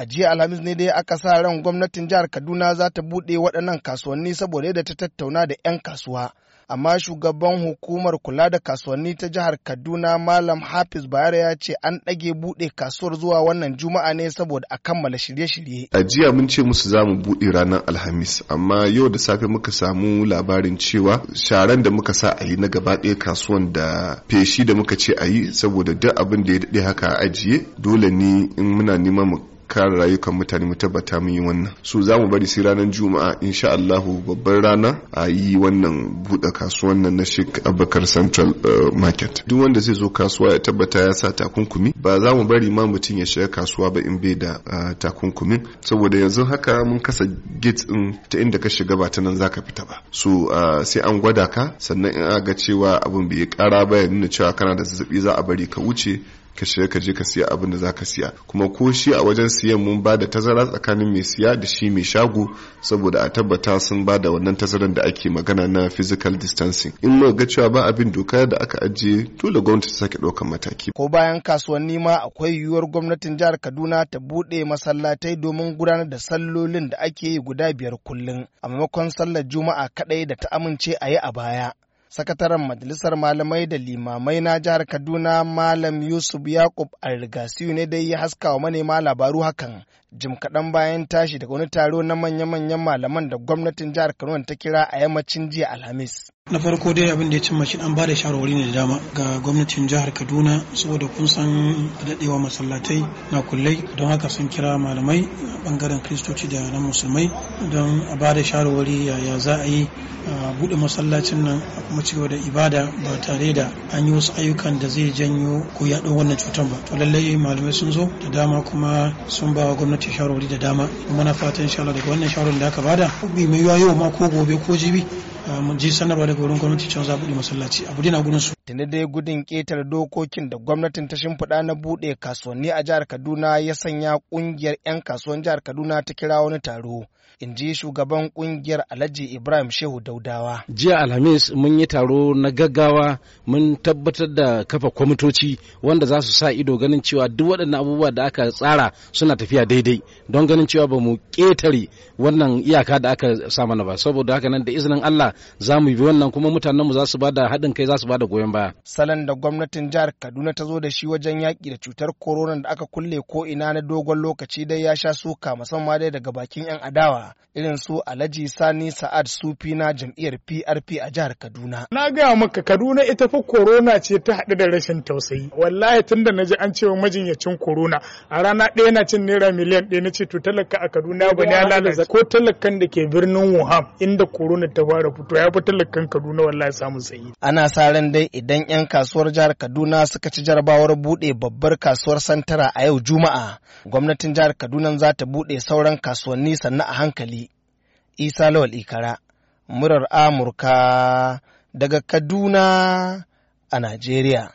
A jiya Alhamis ne dai aka sa ran gwamnatin jihar Kaduna za ta buɗe waɗannan kasuwanni saboda yadda ta tattauna da 'yan kasuwa. Amma shugaban hukumar kula da kasuwanni ta jihar Kaduna Malam Hafiz bayar ya ce an ɗage buɗe kasuwar zuwa wannan Juma'a ne saboda a kammala shirye-shirye. A jiya mun ce musu za mu buɗe ranar Alhamis, amma yau da safe muka samu labarin cewa sharan da muka sa a yi na gaba ɗaya kasuwan da feshi da muka ce a yi saboda duk abin da ya daɗe haka a ajiye dole ne in muna neman mu kare rayukan mutane mu tabbata mun yi wannan so za mu bari sai ranar juma'a insha Allah babbar rana a yi wannan buɗe kasuwan nan na Sheikh Abubakar Central eh, Market duk wanda zai zo kasuwa ya tabbata ya sa takunkumi ba za mu bari ma mutum ya shiga kasuwa ba in bai da eh, takunkumin saboda yanzu haka mun kasa gate din ta inda ka shiga ba ta nan zaka fita ba so eh, sai an gwada ka sannan in ga cewa abun bai kara ba ya nuna cewa kana da zazzabi za a bari ka wuce ka shiga ka je ka siya abin da za ka siya kuma ko shi a wajen siyan mun ba da tazara tsakanin mai siya da shi mai shago saboda a tabbata sun ba da wannan tazaran da ake magana na physical distancing in mu ga cewa ba abin doka da aka ajiye dole gwamnati ta sake ɗaukar mataki ko bayan kasuwanni ma akwai yiwuwar gwamnatin jihar Kaduna ta bude masallatai domin gudanar da sallolin da ake yi guda biyar kullum a maimakon sallar juma'a kadai da ta amince a yi a baya sakataren majalisar malamai da limamai na jihar kaduna malam yusuf yakub alrigasiyu ne dai ya wa manema labaru hakan jim kaɗan bayan tashi daga wani taro na manya-manyan malaman da gwamnatin jihar Kano ta kira a yammacin jiya Alhamis. na farko dai abin da ya cimma shi an bada da shawarwari ne da dama ga gwamnatin jihar kaduna saboda kun san daɗewa masallatai na kullai don haka sun kira malamai a bangaren kristoci da na musulmai don a ba da shawarwari ya za a yi a buɗe masallacin nan a kuma cigaba da ibada ba tare da an yi wasu ayyukan da zai janyo ko yaɗo wannan cutar ba to lallai malamai sun zo da dama kuma sun ba gwamnati wace shawarwari da dama muna fatan insha Allah daga wannan shawarar da aka bada bi mai yawa yau ma ko gobe ko jibi ah, mun ji sanarwa daga wurin gwamnati cewa za buɗe masallaci a dai na gurin su tunda dai gudun ƙetare dokokin da gwamnatin ta shimfiɗa na buɗe kasuwanni a jihar Kaduna ya sanya ƙungiyar 'yan kasuwan jihar Kaduna ta kira wani taro in ji shugaban kungiyar alhaji ibrahim shehu daudawa jiya alhamis mun yi taro na gaggawa mun tabbatar da kafa kwamitoci wanda za su sa ido ganin cewa duk waɗannan abubuwa da aka tsara suna tafiya daidai don ganin cewa ba mu ƙetare wannan iyaka da aka sa mana ba saboda haka nan da izinin allah za mu bi wannan kuma mutanen mu za su bada haɗin kai za su bada goyon baya salon da gwamnatin jihar kaduna ta zo da shi wajen yaƙi da cutar corona da aka kulle ko ina na dogon lokaci dai ya sha suka musamman dai daga bakin 'yan adawa irin su Alhaji Sani Sa'ad Sufi na jam'iyyar PRP a jihar Kaduna. Na gaya maka Kaduna ita fa korona ce ta haɗu da rashin tausayi. Wallahi tun da naji an cewa majinyacin korona a rana ɗaya na cin naira miliyan ɗaya na ce to talaka a Kaduna ba ne ya ko talakan da ke birnin Wuhan inda korona ta fara fito ya fi talakan Kaduna wallahi samu sayi. Ana sa ran dai idan 'yan kasuwar jihar Kaduna suka ci jarabawar buɗe babbar kasuwar Santara a yau Juma'a gwamnatin jihar Kaduna za ta buɗe sauran kasuwanni sannan a hankali hankali isa lawal ikara murar amurka daga kaduna a najeriya